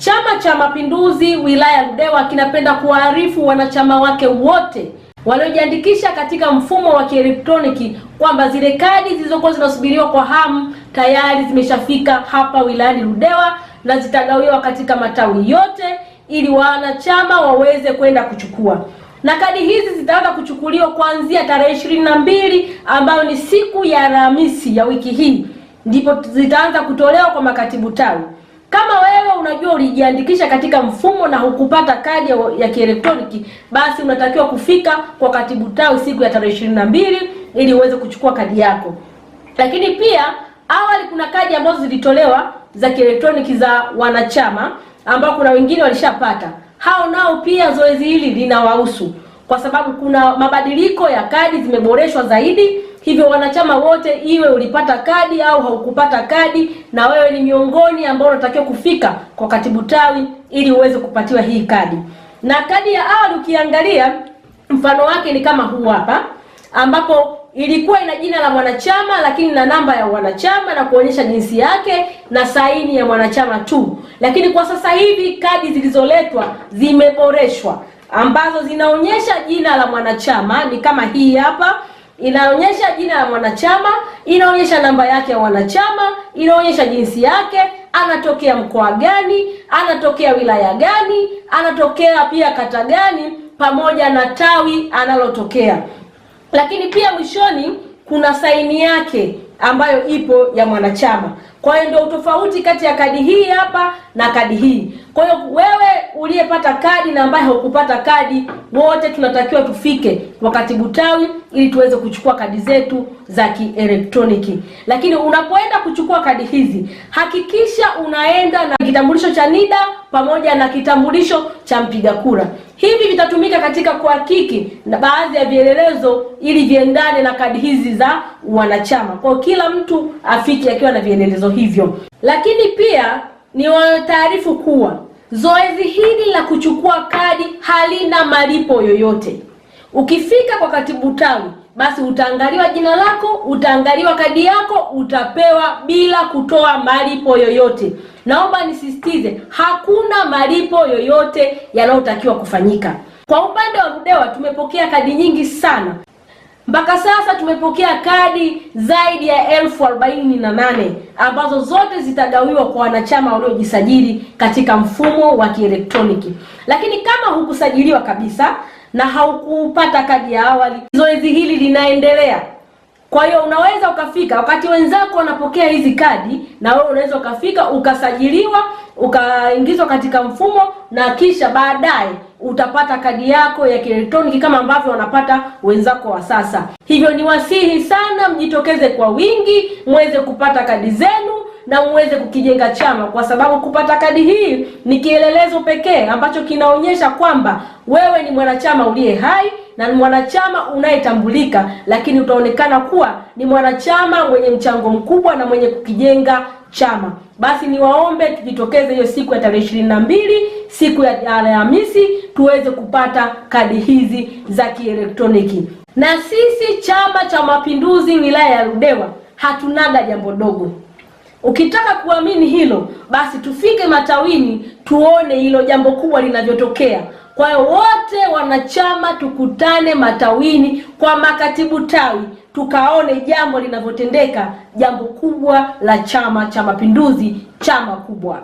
Chama cha Mapinduzi wilaya Ludewa kinapenda kuwaarifu wanachama wake wote waliojiandikisha katika mfumo wa kielektroniki kwamba zile kadi zilizokuwa zinasubiriwa kwa hamu tayari zimeshafika hapa wilayani Ludewa na zitagawiwa katika matawi yote ili wanachama waweze kwenda kuchukua na kadi hizi zitaanza kuchukuliwa kuanzia tarehe ishirini na mbili ambayo ni siku ya Alhamisi ya wiki hii, ndipo zitaanza kutolewa kwa makatibu tawi. Kama wewe unajua hukujiandikisha katika mfumo na hukupata kadi ya kielektroniki, basi unatakiwa kufika kwa katibu tawi siku ya tarehe 22 ili uweze kuchukua kadi yako. Lakini pia awali kuna kadi ambazo zilitolewa za kielektroniki za wanachama ambao kuna wengine walishapata, hao nao pia zoezi hili linawahusu kwa sababu kuna mabadiliko ya kadi zimeboreshwa zaidi Hivyo wanachama wote, iwe ulipata kadi au haukupata kadi, na wewe ni miongoni ambao unatakiwa kufika kwa katibu tawi ili uweze kupatiwa hii kadi. Na kadi ya awali ukiangalia mfano wake ni kama huu hapa, ambapo ilikuwa ina jina la mwanachama lakini na namba ya mwanachama na kuonyesha jinsi yake na saini ya mwanachama tu. Lakini kwa sasa hivi kadi zilizoletwa zimeboreshwa, ambazo zinaonyesha jina la mwanachama ni kama hii hapa inaonyesha jina la mwanachama, inaonyesha namba yake ya wanachama, inaonyesha jinsi yake, anatokea mkoa gani, anatokea wilaya gani, anatokea pia kata gani, pamoja na tawi analotokea. Lakini pia mwishoni kuna saini yake ambayo ipo ya mwanachama. Kwa hiyo ndio utofauti kati ya kadi hii hapa na kadi hii. Kwa hiyo wewe uliyepata kadi na ambaye haukupata kadi, wote tunatakiwa tufike kwa katibu tawi ili tuweze kuchukua kadi zetu za kielektroniki. Lakini unapoenda kuchukua kadi hizi, hakikisha unaenda na kitambulisho cha NIDA pamoja na kitambulisho cha mpiga kura. Hivi vitatumika katika kuhakiki na baadhi ya vielelezo ili viendane na kadi hizi za wanachama, kwa kila mtu afiki akiwa na vielelezo hivyo. Lakini pia ni wataarifu kuwa zoezi hili la kuchukua kadi halina malipo yoyote. Ukifika kwa katibu tawi, basi utaangaliwa jina lako, utaangaliwa kadi yako, utapewa bila kutoa malipo yoyote naomba nisisitize, hakuna malipo yoyote yanayotakiwa kufanyika. Kwa upande wa Ludewa tumepokea kadi nyingi sana mpaka sasa tumepokea kadi zaidi ya elfu arobaini na nane ambazo zote zitagawiwa kwa wanachama waliojisajili katika mfumo wa kielektroniki. Lakini kama hukusajiliwa kabisa na haukupata kadi ya awali, zoezi hili linaendelea. Kwa hiyo unaweza ukafika wakati wenzako wanapokea hizi kadi, na wewe unaweza ukafika ukasajiliwa, ukaingizwa katika mfumo, na kisha baadaye utapata kadi yako ya kielektroniki kama ambavyo wanapata wenzako wa sasa. Hivyo ni wasihi sana, mjitokeze kwa wingi mweze kupata kadi zenu na uweze kukijenga chama, kwa sababu kupata kadi hii ni kielelezo pekee ambacho kinaonyesha kwamba wewe ni mwanachama uliye hai na ni mwanachama unayetambulika, lakini utaonekana kuwa ni mwanachama mwenye mchango mkubwa na mwenye kukijenga chama. Basi niwaombe tujitokeze hiyo siku ya tarehe ishirini na mbili, siku ya Alhamisi, tuweze kupata kadi hizi za kielektroniki. Na sisi Chama cha Mapinduzi wilaya ya Ludewa hatunaga jambo dogo. Ukitaka kuamini hilo, basi tufike matawini tuone hilo jambo kubwa linavyotokea. Kwa hiyo wote wanachama tukutane matawini kwa makatibu tawi, tukaone jambo linavyotendeka, jambo kubwa la Chama cha Mapinduzi, chama kubwa.